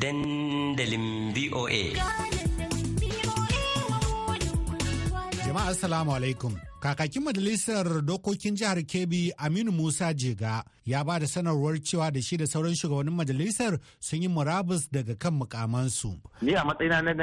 Dandalin VOA. Jama'a Assalamu alaikum. Kakakin Majalisar Dokokin Jihar Kebbi Aminu Musa Jega ya ba da sanarwar cewa da shi da sauran shugabannin majalisar sun yi murabus daga kan mukamansu. Ni a matsayina na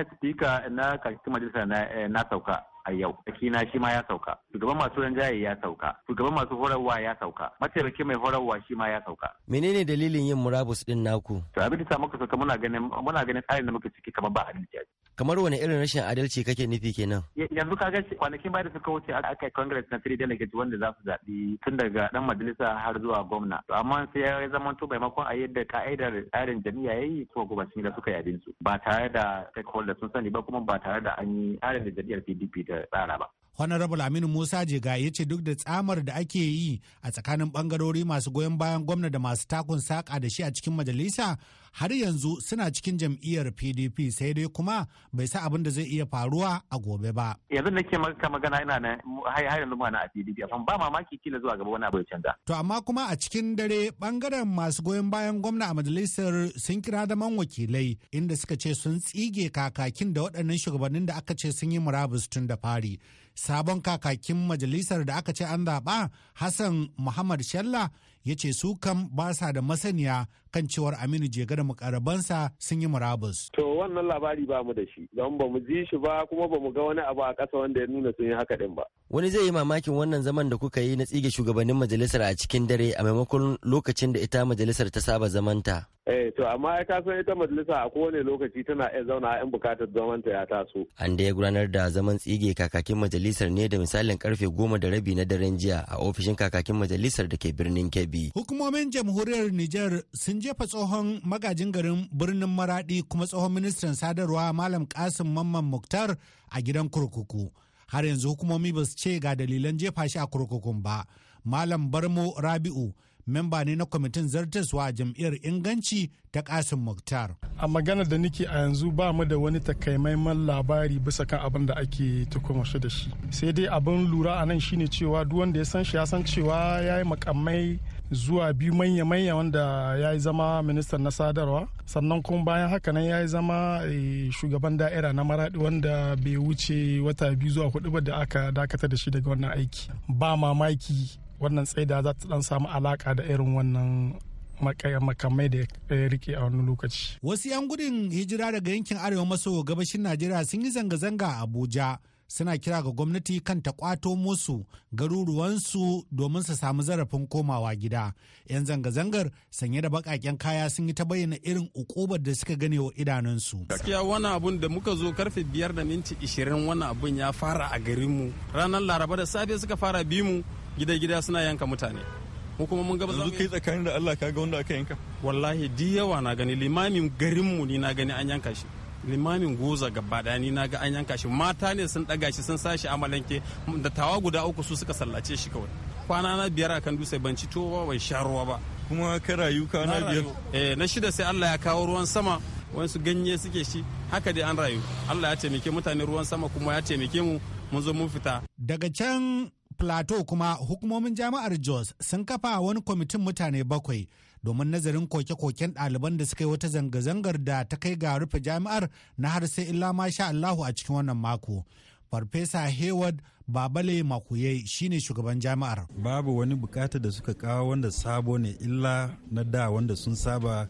na kakakin Majalisar na eh, sauka. a yau na shi ma ya sauka shugaban masu rinjaye ya sauka shugaban masu horarwa ya sauka mataimaki mai horarwa shi ma ya sauka menene dalilin yin murabus din naku to abin da muka sauka muna ganin muna ganin tsarin da muka ciki kamar ba adalci kamar wani irin rashin adalci kake nufi kenan yanzu kaga kwanakin bayan da suka wuce aka yi congress na three delegates wanda za su zaɓi tun daga dan majalisa har zuwa gwamna amma sai ya zama to maimakon a yadda ka'idar tsarin jami'a ya yi goma gwamnati da suka yi su ba tare da stakeholders sun sani ba kuma ba tare da an yi tsarin da jami'ar pdp da tsara ba Honorable Aminu Musa Jega ya ce duk da tsamar da ake yi a tsakanin bangarori masu goyon bayan gwamna da masu takun saka da shi a cikin majalisa har yanzu suna cikin jam'iyyar pdp sai dai kuma bai sa abin da zai iya faruwa a gobe ba yanzu nake maka magana ina nan har yanzu muna a pdp amma ba mamaki kila zuwa gaba wani abu ya canza to amma kuma a cikin dare bangaren masu goyon bayan gwamna a majalisar sun kira da man wakilai inda suka ce sun tsige kakakin da waɗannan shugabannin da aka ce sun yi murabus tun da fari sabon kakakin majalisar da aka ce an zaɓa hassan muhammad shalla ya ce su kam ba sa da masaniya kan cewar Aminu Jega da mukarabansa sun yi murabus. To wannan labari ba mu da shi don ba mu ji shi ba kuma ba mu ga wani abu a ƙasa wanda ya nuna sun yi haka din ba. Wani zai yi mamakin wannan zaman da kuka yi na tsige shugabannin majalisar a cikin dare a maimakon lokacin da ita majalisar ta saba zamanta. Eh, to amma ya kasa ita majalisa a kowane lokaci tana iya zauna yan bukatar zamanta ya taso. An da ya gudanar da zaman tsige kakakin majalisar ne da misalin karfe goma da rabi na daren jiya a ofishin kakakin majalisar da ke birnin Kebbi. Hukumomin jamhuriyar Nijar sun jefa tsohon magajin garin birnin Maradi kuma tsohon ministan sadarwa Malam Kasim Mamman Muktar a gidan kurkuku. Har yanzu hukumomi ba su ce ga dalilan jefa shi a kurkukun ba. Malam Barmo Rabi'u memba ne na kwamitin zartaswa a jam'iyyar inganci ta kasin muktar a magana da nike a yanzu ba mu da wani takaimaiman labari bisa kan abin da ake tukuma shi da shi sai dai abin lura a nan shine cewa duk wanda ya san shi ya san cewa ya yi makamai zuwa biyu manya-manya wanda ya yi zama ministan na sadarwa sannan kuma bayan haka nan ya yi zama eh, shugaban da'ira na maradi wanda bai wuce wata biyu zuwa hudu ba da aka dakatar da shi daga wannan aiki ba mamaki wannan tsaida za ta dan samu alaka da irin wannan makamai da ya rike a wani lokaci. Wasu 'yan gudun hijira daga yankin arewa maso gabashin Najeriya sun yi zanga-zanga a Abuja suna kira ga gwamnati kan ta kwato musu garuruwansu domin su samu zarafin komawa gida. 'Yan zanga-zangar sanye da bakaken kaya sun yi ta bayyana irin ukubar da suka gane wa idanunsu. Gaskiya wani abun da muka zo karfe biyar da minti ishirin wani abun ya fara a garinmu. Ranar Laraba da safe suka fara bi mu gida-gida suna yanka mutane mu kuma mun gaba yanzu kai tsakanin da Allah ka ga wanda aka yanka wallahi di yawa na gani limamin garin mu ni na gani an yanka shi limamin goza gaba daya ni na ga an yanka shi mata ne sun daga shi sun sashi amalanke da tawa guda uku su suka sallace shi kawai kwana na biyar a kan dutse ban ci towa bai sha ruwa ba kuma ka rayu kwana biyar eh na shida sai Allah ya kawo ruwan sama wasu ganye suke shi haka dai an rayu Allah ya taimake mutane ruwan sama kuma ya taimake mu mun zo mun fita daga can Plateau kuma hukumomin jami'ar Jos sun kafa wani kwamitin mutane bakwai domin nazarin koke-koken ɗaliban da suka yi wata zanga-zangar da ta kai ga rufe jami'ar na har sai illa ma sha Allahu a cikin wannan mako. Farfesa Hayward Babale Makuye shine shugaban jami'ar. Babu wani bukata da suka kawo wanda sabo ne illa na da wanda sun saba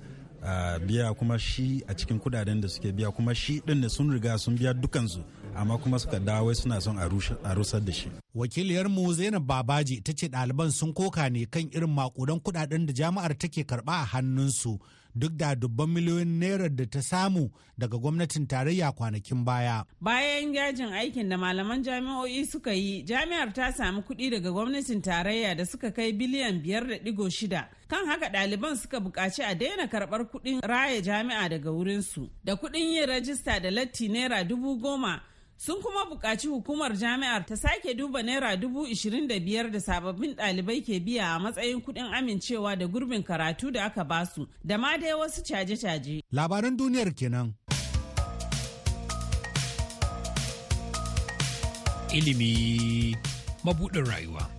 biya kuma shi a cikin kudaden da suke biya kuma shi din da sun riga sun biya dukansu amma kuma suka dawo suna son a rusar da shi. wakiliyar mu Zainab Babaji ta ce ɗaliban sun koka ne kan irin makudan kudaden da jama'ar take karɓa a hannunsu duk da dubban miliyoyin naira da ta samu daga gwamnatin tarayya kwanakin baya. Bayan yajin aikin da malaman jami'o'i suka yi, jami'ar ta samu kuɗi daga gwamnatin tarayya da suka kai biliyan biyar da ɗigo shida. Kan haka ɗaliban suka buƙaci a daina karɓar kuɗin raya jami'a daga wurinsu. Da kuɗin yin rajista da latti naira dubu goma sun kuma buƙaci hukumar jami'ar ta sake duba naira dubu ishirin da biyar da sababbin ɗalibai ke biya a matsayin kuɗin amincewa da gurbin karatu da aka basu da ma dai wasu caje-caje. labaran duniyar kenan. ilimi mabuɗin rayuwa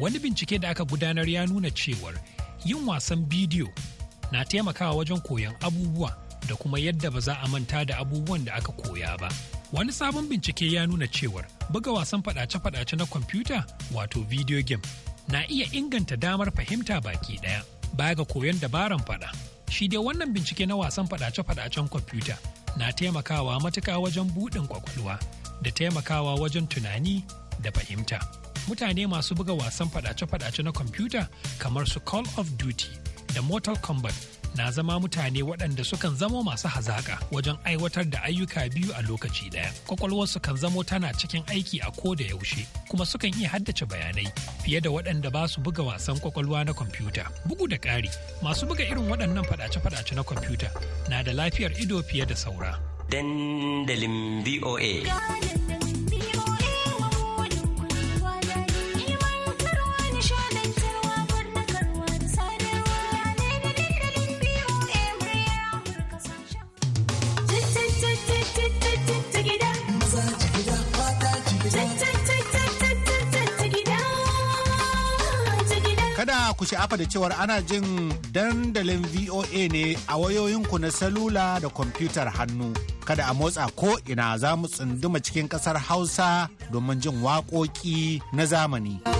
wani bincike da aka gudanar ya nuna cewar yin wasan bidiyo na taimakawa wajen koyon abubuwa da kuma yadda ba za a manta da abubuwan da aka koya ba. Wani sabon bincike ya nuna cewar buga wasan faɗace-faɗace na kwamfuta wato video game na iya inganta damar fahimta baki ɗaya baya ga koyon dabaran faɗa. Shi dai wannan bincike na wasan faɗace-faɗacen kwamfuta na taimakawa matuka wajen buɗin kwakwalwa da taimakawa wajen tunani da fahimta. Mutane masu buga wasan faɗace-faɗace na kwamfuta kamar su Call of Duty da Mortal Kombat na zama mutane waɗanda sukan zamo masu hazaƙa wajen aiwatar da ayyuka biyu a lokaci ɗaya. Kwakwalwarsu kan zamo tana cikin aiki a ko da yaushe kuma sukan iya haddace bayanai fiye da waɗanda ba su buga wasan kwakwalwa na kwamfuta. Bugu da ƙari, masu buga irin waɗannan faɗace-faɗace na kwamfuta na da lafiyar ido fiye da saura. Dandalin VOA. fa da cewar ana jin dandalin VOA ne a wayoyinku na salula da kwamfutar hannu. Kada a motsa ko ina za mu tsunduma cikin ƙasar Hausa domin jin waƙoƙi na zamani.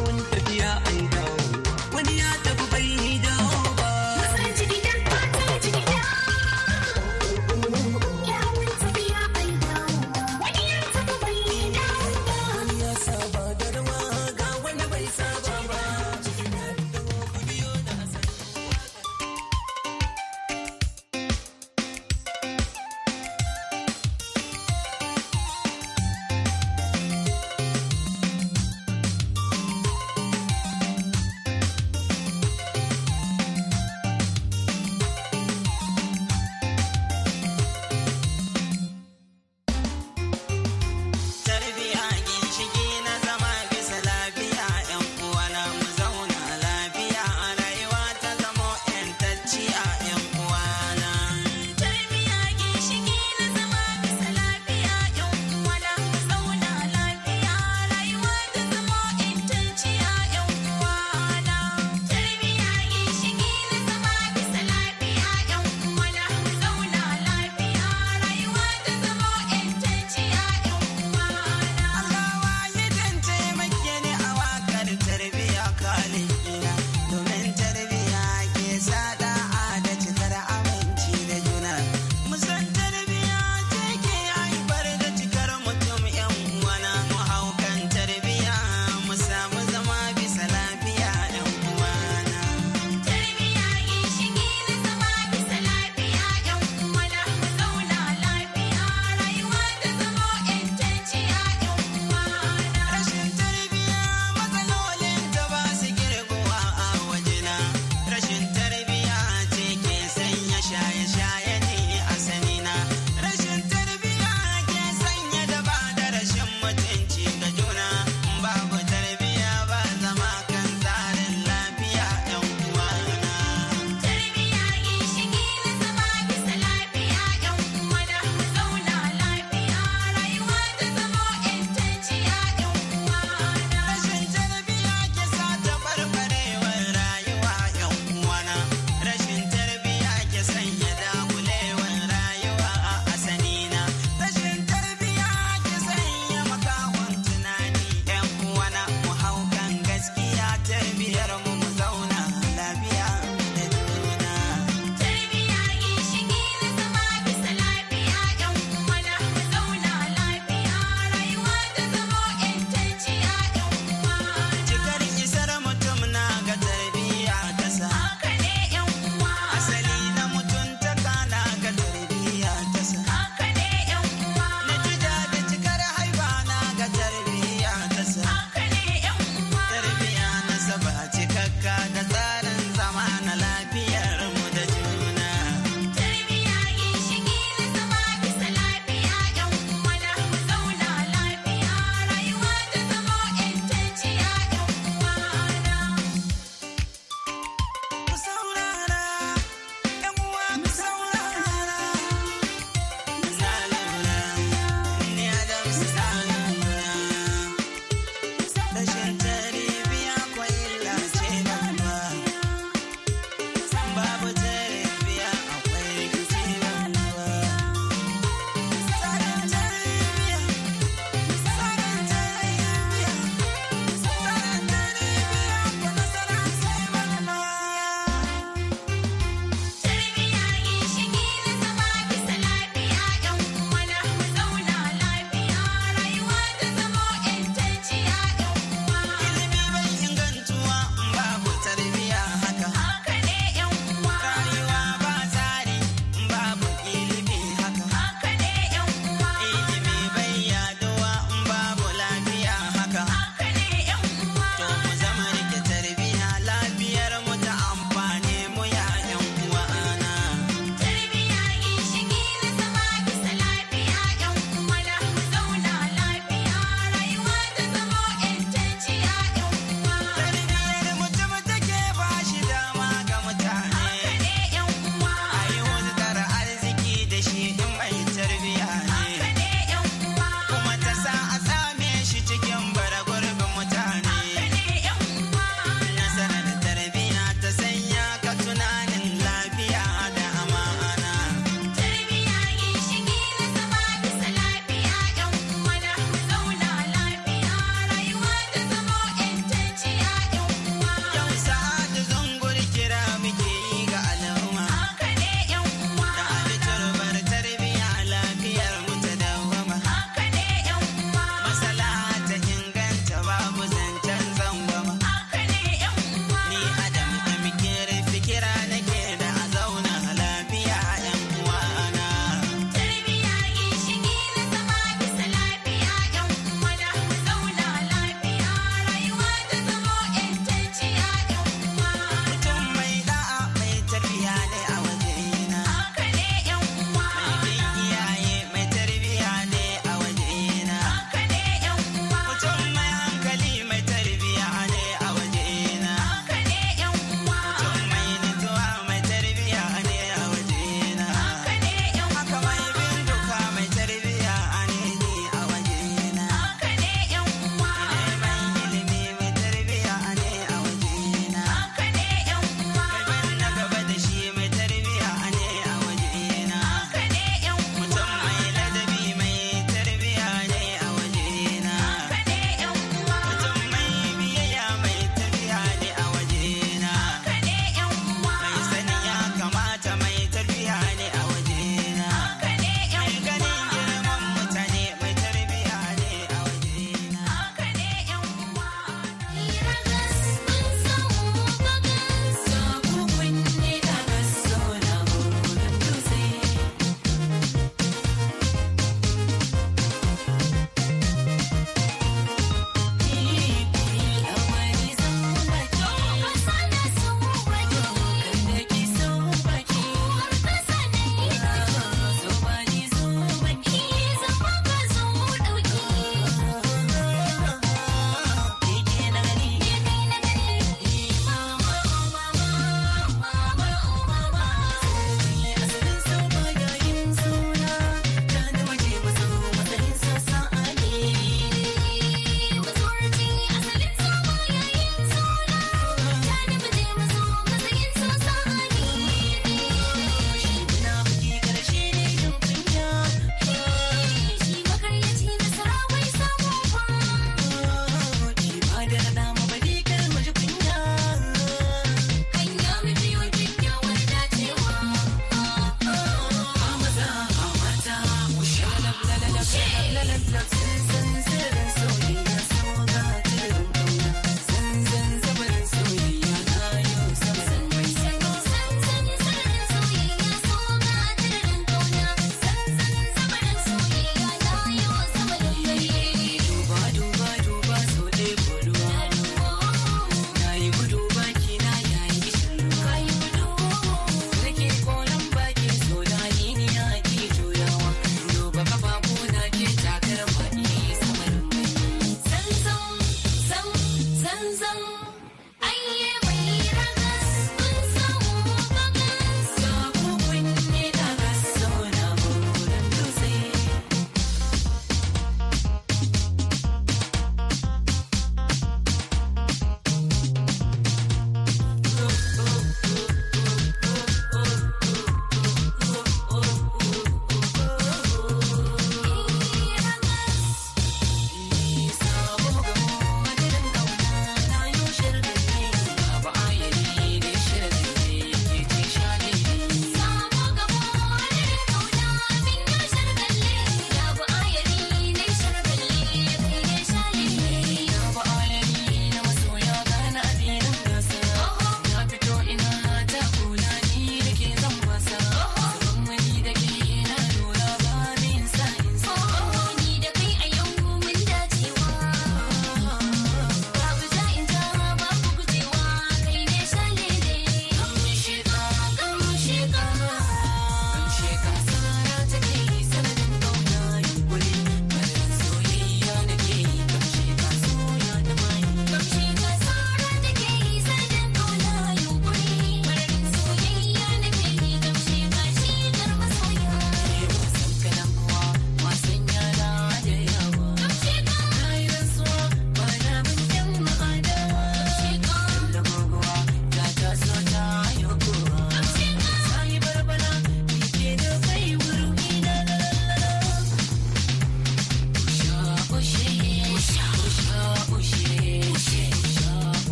Sí.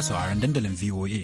masu sauraron dandalin VOA.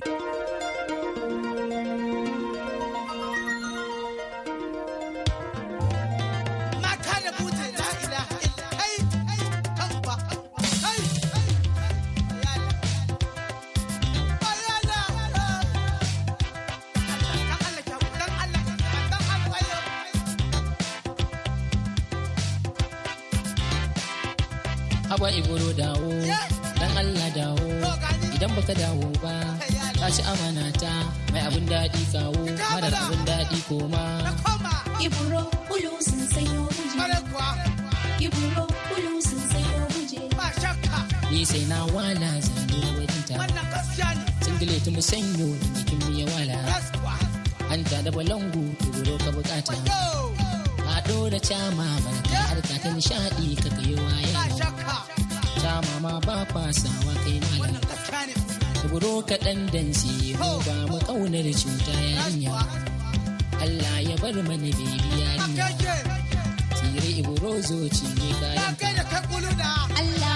sai na wala zan wajen ta singile ta musanyo da jikin mu ya wala hanta da balangu turo ka bukata a dora cama barka harka ta nishadi ka kai waya cama ma ba kwasawa kai malam turo kaɗan dan siyo ba mu ƙaunar cuta yarinya Allah ya bar mana bibi yarinya tire iburo zo cinye kayan Allah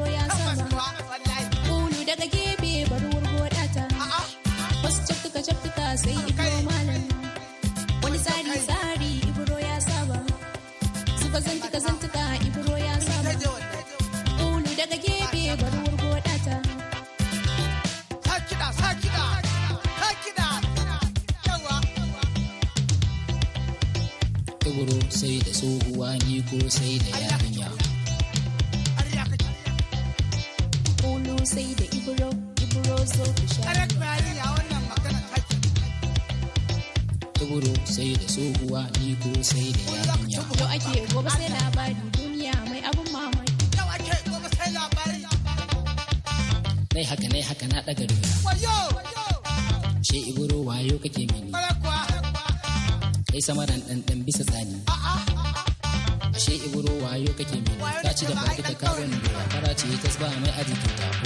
nan ta ci gaba da karin kara ce ta ba mai aji ta ko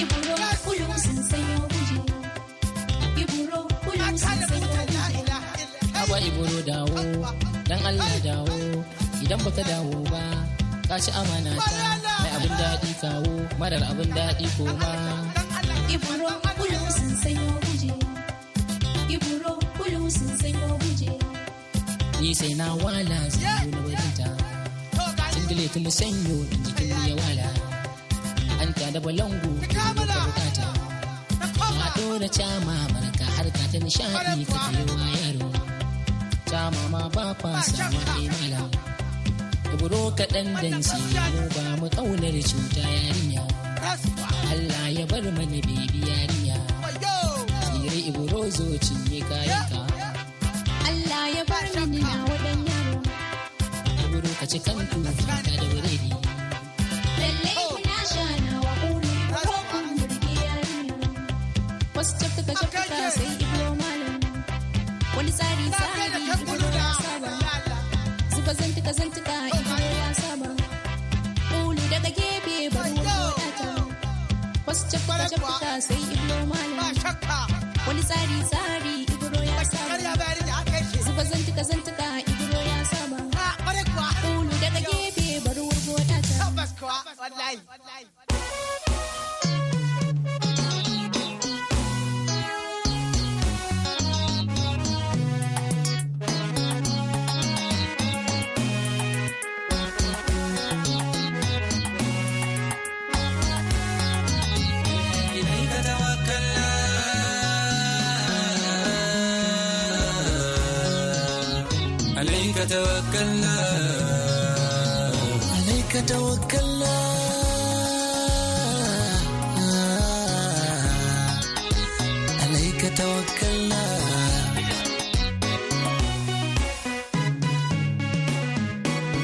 iburo kullum sun sanya guji iburo kullum sun sanya guji. A'ba iburo dawo dan Allah dawo idan baka dawo ba ka ci amana ta mai abin daɗi kawo marar abin daɗi koma iburo kullum sun sanya guji iburo kullum sun sanya guji. ni sai na wala zai na barinta cin dile kuma sanyo in jikin ya wala an ta da balangu ta bukata na dora cama marka harka ta nishaɗi ka wa yaro cama ma ba fa sama imala ibro kaɗan dan mu ba mu ƙaunar cuta yarinya Allah ya bar mana bibi yarinya Sire ibro zo cinye kayanka ci kan tufi ka da oh! ko wurare. Wasu cakka cafka sai ibo malam wani tsari tsari ibo ya saba zuba zantuka zantuka ibo ya saba kulu daga gefe ba wadata wasu cakka cafka sai ibo malam wani tsari tsari ibo ya saba zuba zantuka zantuka توكلنا عليك توكلنا عليك توكلنا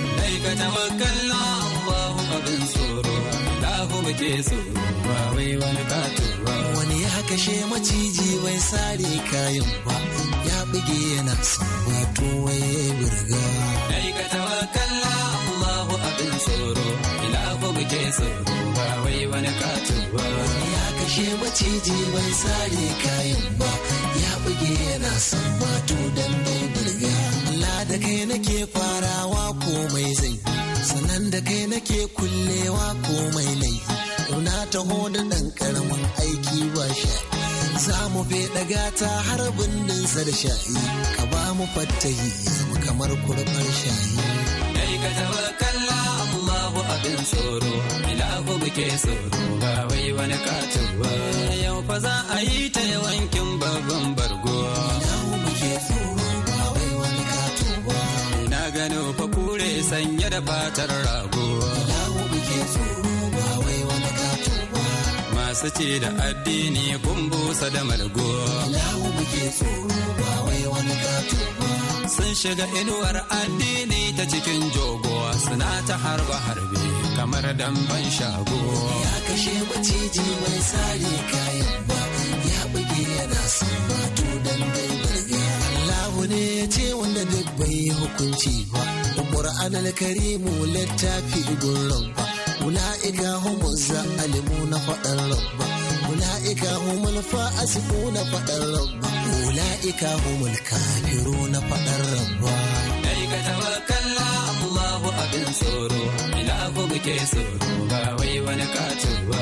عليك توكلنا اللهم بنصوره له muke so ba wai wani kato ba wani ya kashe maciji wai sare kayan ba bige yana son wato waye burga Dai ka tawakkala Allahu abin tsoro ila ko muke tsoro ba wai wani katu ba ya kashe maciji bai sare kayan ba ya bige yana son wato dan bai burga la da kai nake farawa komai zai sanan da kai nake kullewa komai lai Yau ta taho da ɗan ƙaramin aiki ba shi za mu feɗa ta har sa da sha'i ka ba mu fattahi mu kamar kurban shayi dai ka tawakkala Allahu abin tsoro ilahu buke tsoro ba wai wani katuwa yau fa za a yi ta yawankin babban bargo ilahu buke tsoro ba wai wani katuwa na gano fa kure sanye da fatar rago ilahu buke tsoro masu ce da addini kun busa da malgo. Lahu muke tsoro ba wai wani gato ba. Sun shiga inuwar addini ta cikin jogo suna ta harba harbe kamar damban shago. Ya kashe maciji mai sare kayan ba ya buge yana son bato dan bai Allahu ne ya ce wanda duk bai hukunci ba. Ƙur'an alkarimu littafi gurin ba. ula'ika humul zalimu na faɗar rabba ula'ika humul fasiku na faɗar rabba ula'ika humul kafiru na faɗar rabba kai ka tawakkala Allahu abin tsoro ila ku muke tsoro ba wai wani kato ba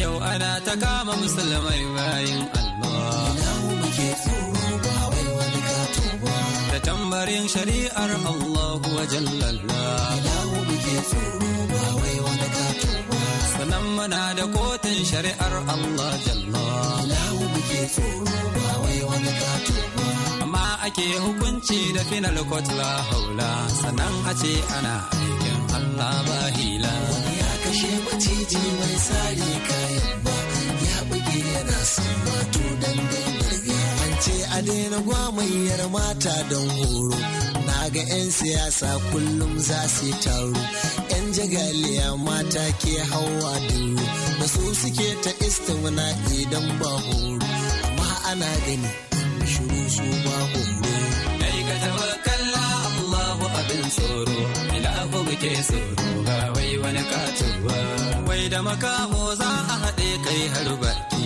yau ana ta kama musulmai bayin Allah ila ku muke tsoro ba wai wani kato ba da tambarin shari'ar Allahu wa jallalla ila ku muke tsoro ba wai sannan muna da kotun shari'ar Allah jalla lahu muke tsoro ba wai wani kato amma ake hukunci da final court la haula sannan a ce ana aikin Allah ba hila ya kashe maciji mai sari kayan ba ya buge yana son wato An ce a daina gwamayyar mata don horo na ga 'yan siyasa kullum za su taro jagaliya mata ke hawa duru da su suke ta wana idan ba horo amma ana gani shiru su ba horo Ai ka tawakkala Allahu abin tsoro ilahu muke tsoro ba wai wani katuwa wai da makaho za a haɗe kai har baki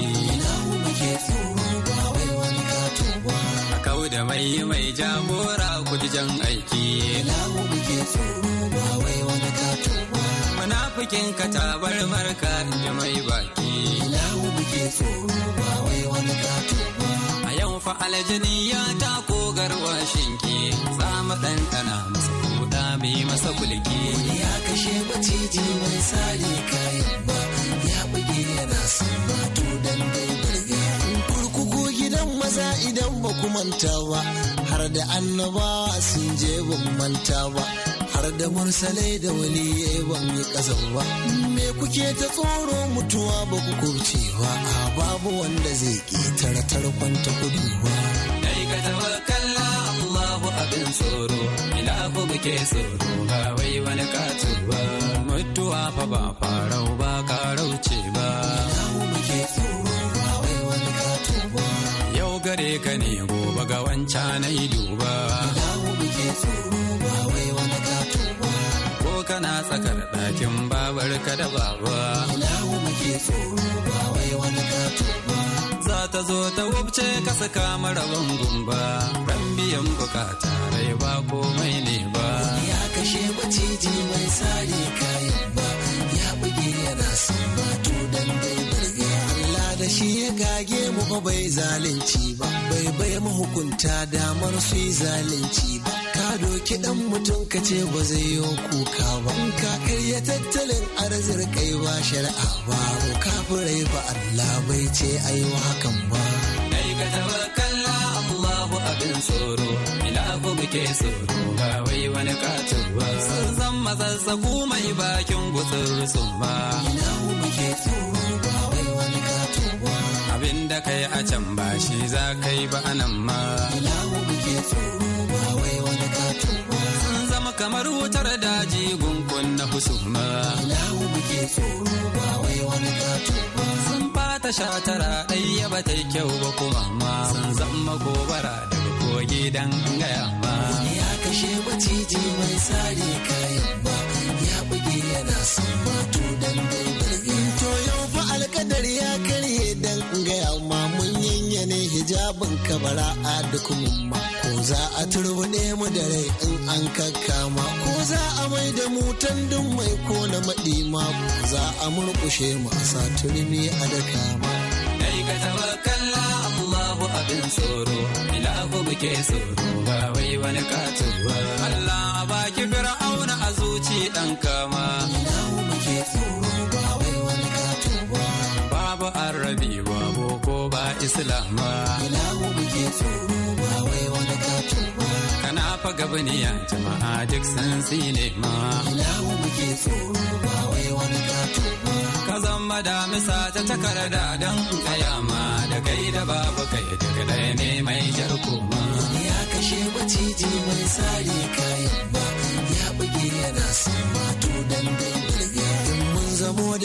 malamai mai jagora kuji jan aiki. Lamu muke tsoro ba wai wani kato ba. Munafikin ka tabar marka ni mai baki. Lamu tsoro ba wai wani kato ba. A yau fa aljini ya tako garwa shinki. Tsama ɗanɗana masa kuɗa mai masa kulki. ya kashe maciji mai sari kayan ba. Ya buge yana sun mato dandai. isa idan ba ku manta ba har da annabawa sun je ban manta ba har da mursalai da wani ban yi kasan ba me kuke ta tsoro mutuwa ba ku kubce ba a babu wanda zai ƙetare tarkon ta kudu ba kai ka tawakkala Allahu abin tsoro ina ku muke tsoro ba wai wani katu mutuwa fa ba farau ba karauce gare ka ne gobe ga wanca na ido ba Ko kana tsakar ɗakin babar ka da baba. ba ba. Za ta zo ta wubce ka saka mara bangun gumba Ran biyan bukata rai ba komai ne ba. Ya kashe maciji mai sare kayan ba. Ya buge yana son shi ya gage mu ba bai zalunci ba bai bai mahukunta damar su yi zalunci ba ka doki dan mutum ka ce ba zai yi kuka ba in ka karya tattalin arzikai ba shari'a ba ko kafirai ba Allah bai ce ayi hakan ba kai ka tawakkala Allahu abin tsoro ina ku muke tsoro ba wai wani katin ba sun zama mazazzaku mai bakin gutsuru sun ba ina ku muke tsoro abin da kai a can ba shi za ka yi ba anan ma ilahu muke tsoro ba wai wani katu ba sun zama kamar wutar daji gungun na husuma ilahu muke tsoro ba wai wani katu ba sun fata shatara ya ba ta yi kyau ba kuma ma sun zama gobara da kogi dan gaya ma wani ya kashe maciji mai sare kayan ba labin kabara a duk mumma ko za a ne mu da rai in an kakkama ko za a mai da mutan dun mai ko na ma, ko za a murƙushe mu a sa turmi a da kama. Kai ka tabakalla Allahu abin tsoro ku buke tsoro ba wai wani katin ba. Allah baki fir'auna a zuci ɗan kama. ki silama muke tsoro ba wai wani fa gaba ya jama'a duk san tsine ma ilawo muke tsoro ba wai wani da misa ta takarda don ma da kai da babu kai duk ɗaya ne mai ma.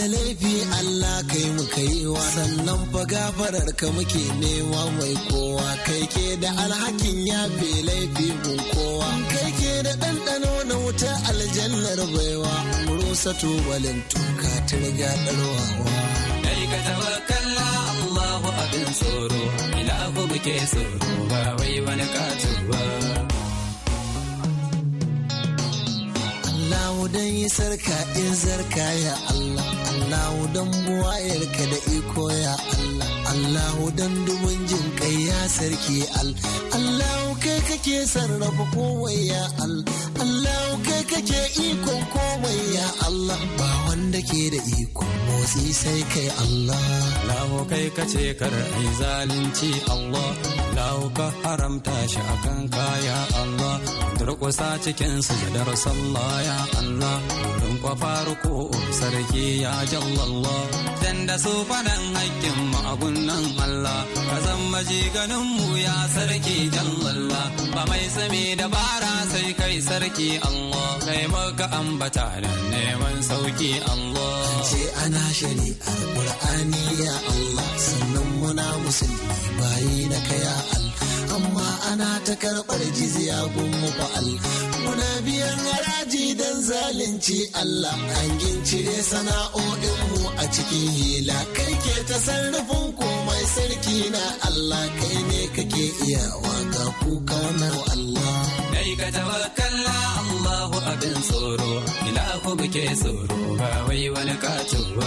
da laifi Allah kai mu wa sannan fa gafarar ka muke nema mai kowa kai ke da alhakin yafe laifi gun kowa kai ke da ɗanɗano na wuta aljannar baiwa rusa tubalin tuka turga wa Kai ka tawakkalla Allahu abin tsoro, ila ku muke tsoro ba wai wani katuwa ba. Allahu dan yi sarka in zarka ya Allah Allahu dan buwayarka da iko ya Allah Allahu dan dumin jin kai ya sarki al Allahu kai kake sarrafa komai ya al Allahu kai kake ikon komai ya Allah ba wanda ke da ikon motsi sai kai Allah Allahu kai kace kar ai zalunci Allah Allahu ka haramta shi akan kaya Allah durƙusa cikin sujadar sallah ya Allah dun kwafar ko sarki ya jallallah Yanda su faɗan haƙƙin abun nan Allah ka zama ganin mu ya sarki Allah, ba mai sami dabara sai kai sarki Allah kai maka ambata da neman sauki Allah ce ana shari'a Qur'ani ya Allah sannan muna musulmi bayi na kaya al amma ana ta karɓar jizya gun mu muna biyan haraji don zalunci Allah An gincire sana'o'inmu a cikin hila kai ke ta sarrafin komai sarki na Allah kai ne kake iya waka kuka na Allah kai ka tawakkalla Allahu abin tsoro ilahu muke tsoro ba wai wani kato